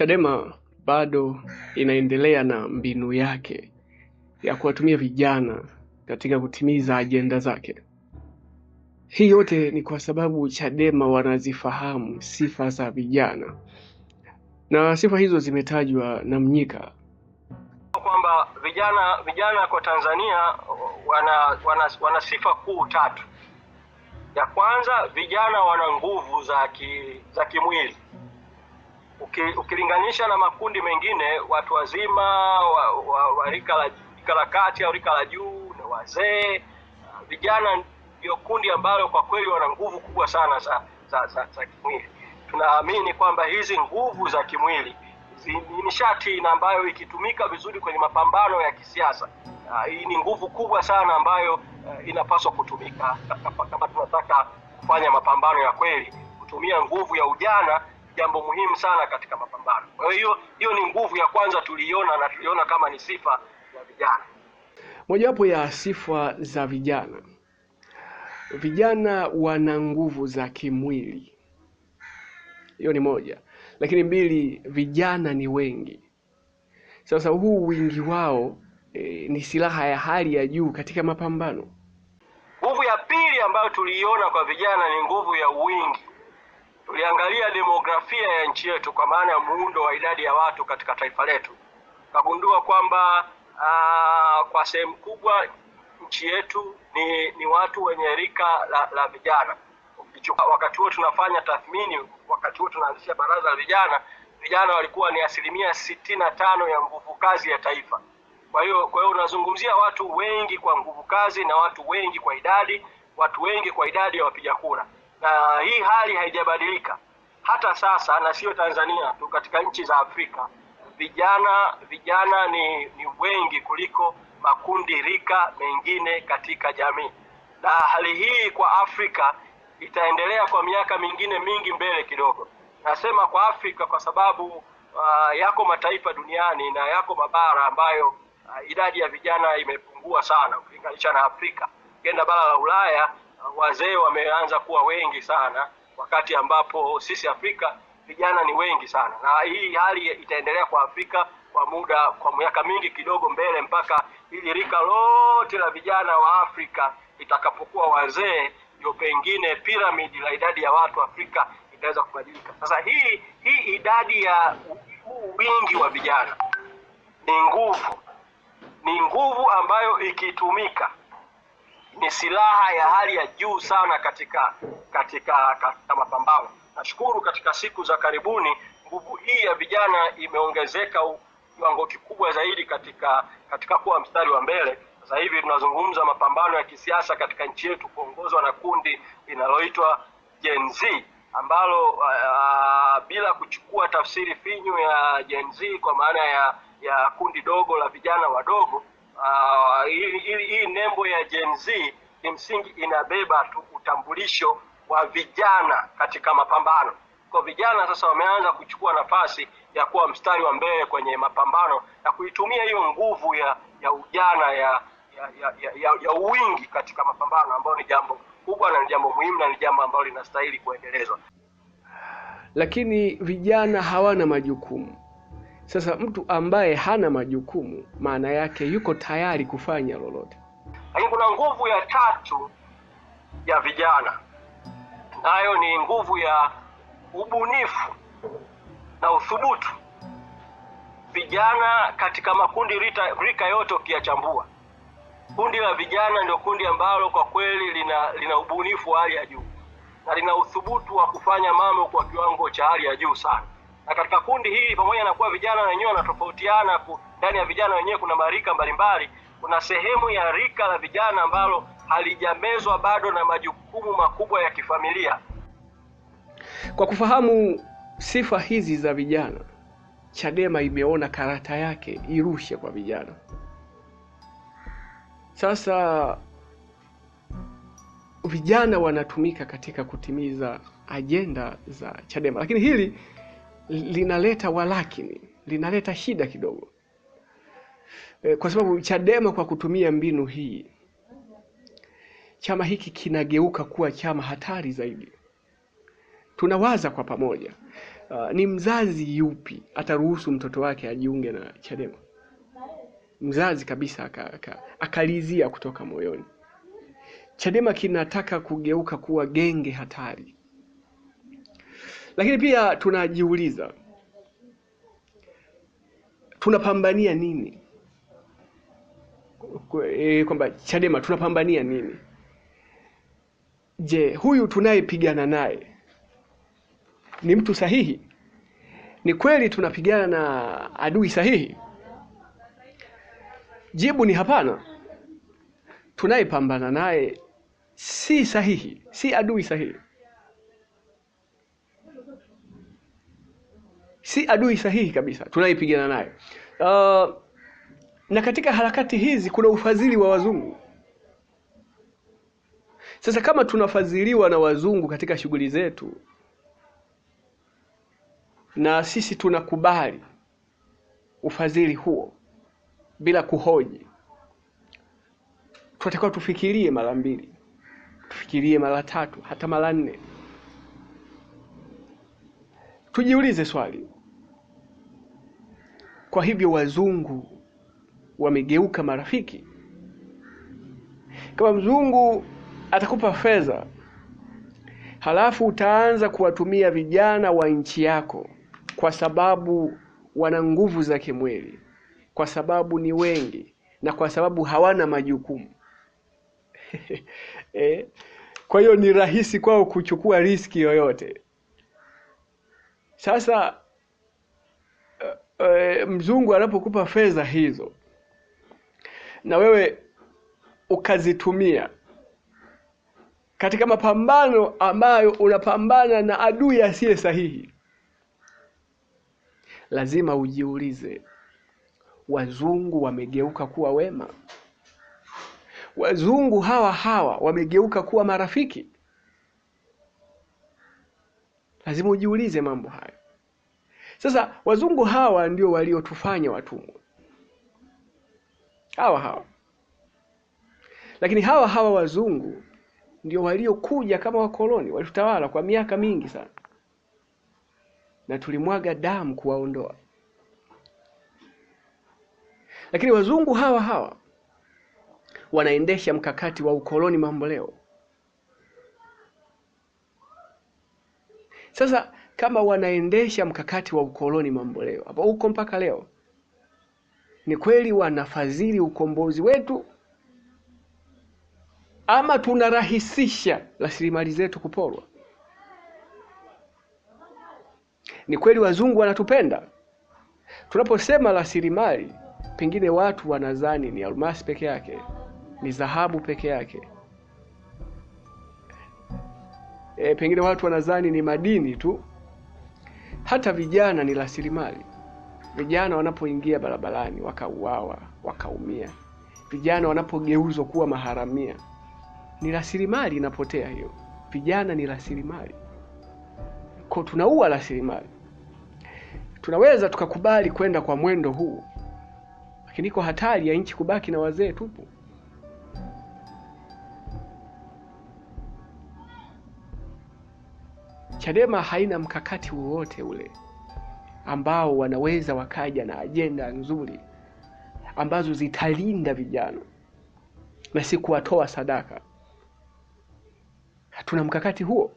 Chadema bado inaendelea na mbinu yake ya kuwatumia vijana katika kutimiza ajenda zake. Hii yote ni kwa sababu Chadema wanazifahamu sifa za vijana na sifa hizo zimetajwa na Mnyika kwamba vijana vijana kwa Tanzania wana, wana, wana sifa kuu tatu. Ya kwanza, vijana wana nguvu za ki, za kimwili ukilinganisha na makundi mengine, watu wazima wa, wa, wa rika la rika la kati au rika la juu na wazee, vijana ndio kundi ambalo kwa kweli wana nguvu kubwa sana za, za, za, za kimwili. Tunaamini kwamba hizi nguvu za kimwili ni nishati na ambayo ikitumika vizuri kwenye mapambano ya kisiasa hii ni nguvu kubwa sana ambayo uh, inapaswa kutumika kama tunataka kufanya mapambano ya kweli, kutumia nguvu ya ujana jambo muhimu sana katika mapambano. Kwa hiyo hiyo ni nguvu ya kwanza tuliiona na tuliona kama ni sifa ya vijana. Mojawapo ya sifa za vijana, vijana wana nguvu za kimwili. Hiyo ni moja, lakini mbili, vijana ni wengi. Sasa huu wingi wao e, ni silaha ya hali ya juu katika mapambano. Nguvu ya pili ambayo tuliiona kwa vijana ni nguvu ya wingi tuliangalia demografia ya nchi yetu kwa maana ya muundo wa idadi ya watu katika taifa letu, tukagundua kwamba ah, kwa sehemu kubwa nchi yetu ni, ni watu wenye rika la, la vijana. Wakati huo tunafanya tathmini, wakati huo tunaanzisha baraza la vijana, vijana walikuwa ni asilimia sitini na tano ya nguvu kazi ya taifa. Kwa hiyo kwa hiyo unazungumzia watu wengi kwa nguvu kazi na watu wengi kwa idadi, watu wengi kwa idadi ya wapiga kura na hii hali haijabadilika hata sasa, na sio Tanzania tu, katika nchi za Afrika vijana vijana ni, ni wengi kuliko makundi rika mengine katika jamii, na hali hii kwa Afrika itaendelea kwa miaka mingine mingi mbele kidogo. Nasema kwa Afrika kwa sababu uh, yako mataifa duniani na yako mabara ambayo uh, idadi ya vijana imepungua sana ukilinganisha na Afrika. Ukienda bara la Ulaya wazee wameanza kuwa wengi sana, wakati ambapo sisi Afrika vijana ni wengi sana, na hii hali itaendelea kwa Afrika kwa muda kwa miaka mingi kidogo mbele, mpaka ili rika lote la vijana wa Afrika itakapokuwa wazee, ndio pengine piramidi la idadi ya watu Afrika itaweza kubadilika. Sasa hii hii idadi ya wingi wa vijana ni nguvu, ni nguvu ambayo ikitumika ni silaha ya hali ya juu sana katika katika katika mapambano. Nashukuru katika siku za karibuni nguvu hii ya vijana imeongezeka kiwango kikubwa zaidi katika katika kuwa mstari wa mbele. Sasa hivi tunazungumza mapambano ya kisiasa katika nchi yetu kuongozwa na kundi linaloitwa Gen Z ambalo uh, bila kuchukua tafsiri finyu ya Gen Z kwa maana ya ya kundi dogo la vijana wadogo Ah, hii uh, nembo ya Gen Z kimsingi inabeba tu utambulisho wa vijana katika mapambano. Kwa vijana sasa wameanza kuchukua nafasi ya kuwa mstari wa mbele kwenye mapambano na kuitumia hiyo nguvu ya ya ujana ya ya, ya, ya, ya, ya uwingi katika mapambano ambayo ni jambo kubwa na ni jambo muhimu na ni jambo ambalo linastahili kuendelezwa. Lakini vijana hawana majukumu. Sasa mtu ambaye hana majukumu, maana yake yuko tayari kufanya lolote. Lakini kuna nguvu ya tatu ya vijana, nayo ni nguvu ya ubunifu na uthubutu. Vijana katika makundi rita, rika yote ukiyachambua, kundi la vijana ndio kundi ambalo kwa kweli lina, lina ubunifu wa hali ya juu na lina uthubutu wa kufanya mambo kwa kiwango cha hali ya juu sana na katika kundi hili pamoja na kuwa vijana wenyewe wanatofautiana, ndani ya vijana wenyewe kuna marika mbalimbali, kuna sehemu ya rika la vijana ambalo halijamezwa bado na majukumu makubwa ya kifamilia. Kwa kufahamu sifa hizi za vijana, Chadema imeona karata yake irushe kwa vijana. Sasa vijana wanatumika katika kutimiza ajenda za Chadema, lakini hili linaleta walakini, linaleta shida kidogo, eh, kwa sababu Chadema kwa kutumia mbinu hii, chama hiki kinageuka kuwa chama hatari zaidi. Tunawaza kwa pamoja, uh, ni mzazi yupi ataruhusu mtoto wake ajiunge na Chadema? Mzazi kabisa akalizia aka, aka kutoka moyoni. Chadema kinataka kugeuka kuwa genge hatari. Lakini pia tunajiuliza tunapambania nini? E, kwamba Chadema tunapambania nini? Je, huyu tunayepigana naye ni mtu sahihi? Ni kweli tunapigana na adui sahihi? Jibu ni hapana. Tunayepambana naye si sahihi, si adui sahihi. si adui sahihi kabisa tunaipigana nayo uh, na katika harakati hizi kuna ufadhili wa wazungu sasa kama tunafadhiliwa na wazungu katika shughuli zetu na sisi tunakubali ufadhili huo bila kuhoji, tunatakiwa tufikirie mara mbili, tufikirie mara tatu, hata mara nne. Tujiulize swali, kwa hivyo wazungu wamegeuka marafiki. Kama mzungu atakupa fedha, halafu utaanza kuwatumia vijana wa nchi yako kwa sababu wana nguvu za kimwili, kwa sababu ni wengi na kwa sababu hawana majukumu eh, kwa hiyo ni rahisi kwao kuchukua riski yoyote. Sasa e, mzungu anapokupa fedha hizo na wewe ukazitumia katika mapambano ambayo unapambana na adui asiye sahihi, lazima ujiulize, wazungu wamegeuka kuwa wema? Wazungu hawa hawa wamegeuka kuwa marafiki? Lazima ujiulize mambo hayo. Sasa wazungu hawa ndio waliotufanya watumwa, hawa hawa. Lakini hawa hawa wazungu ndio waliokuja kama wakoloni, walitutawala kwa miaka mingi sana, na tulimwaga damu kuwaondoa. Lakini wazungu hawa hawa wanaendesha mkakati wa ukoloni mambo leo. Sasa kama wanaendesha mkakati wa ukoloni mamboleo hapo huko mpaka leo. Ni kweli wanafadhili ukombozi wetu ama tunarahisisha rasilimali zetu kuporwa? Ni kweli wazungu wanatupenda? Tunaposema rasilimali, pengine watu wanadhani ni almasi peke yake, ni dhahabu peke yake. E, pengine watu wanadhani ni madini tu hata vijana ni rasilimali. Vijana wanapoingia barabarani wakauawa, wakaumia, vijana wanapogeuzwa kuwa maharamia, ni rasilimali inapotea hiyo. Vijana ni rasilimali, kwa tunaua rasilimali. Tunaweza tukakubali kwenda kwa mwendo huu, lakini iko hatari ya nchi kubaki na wazee tupu. Chadema haina mkakati wowote ule ambao wanaweza wakaja na ajenda nzuri ambazo zitalinda vijana na si kuwatoa sadaka. Hatuna mkakati huo.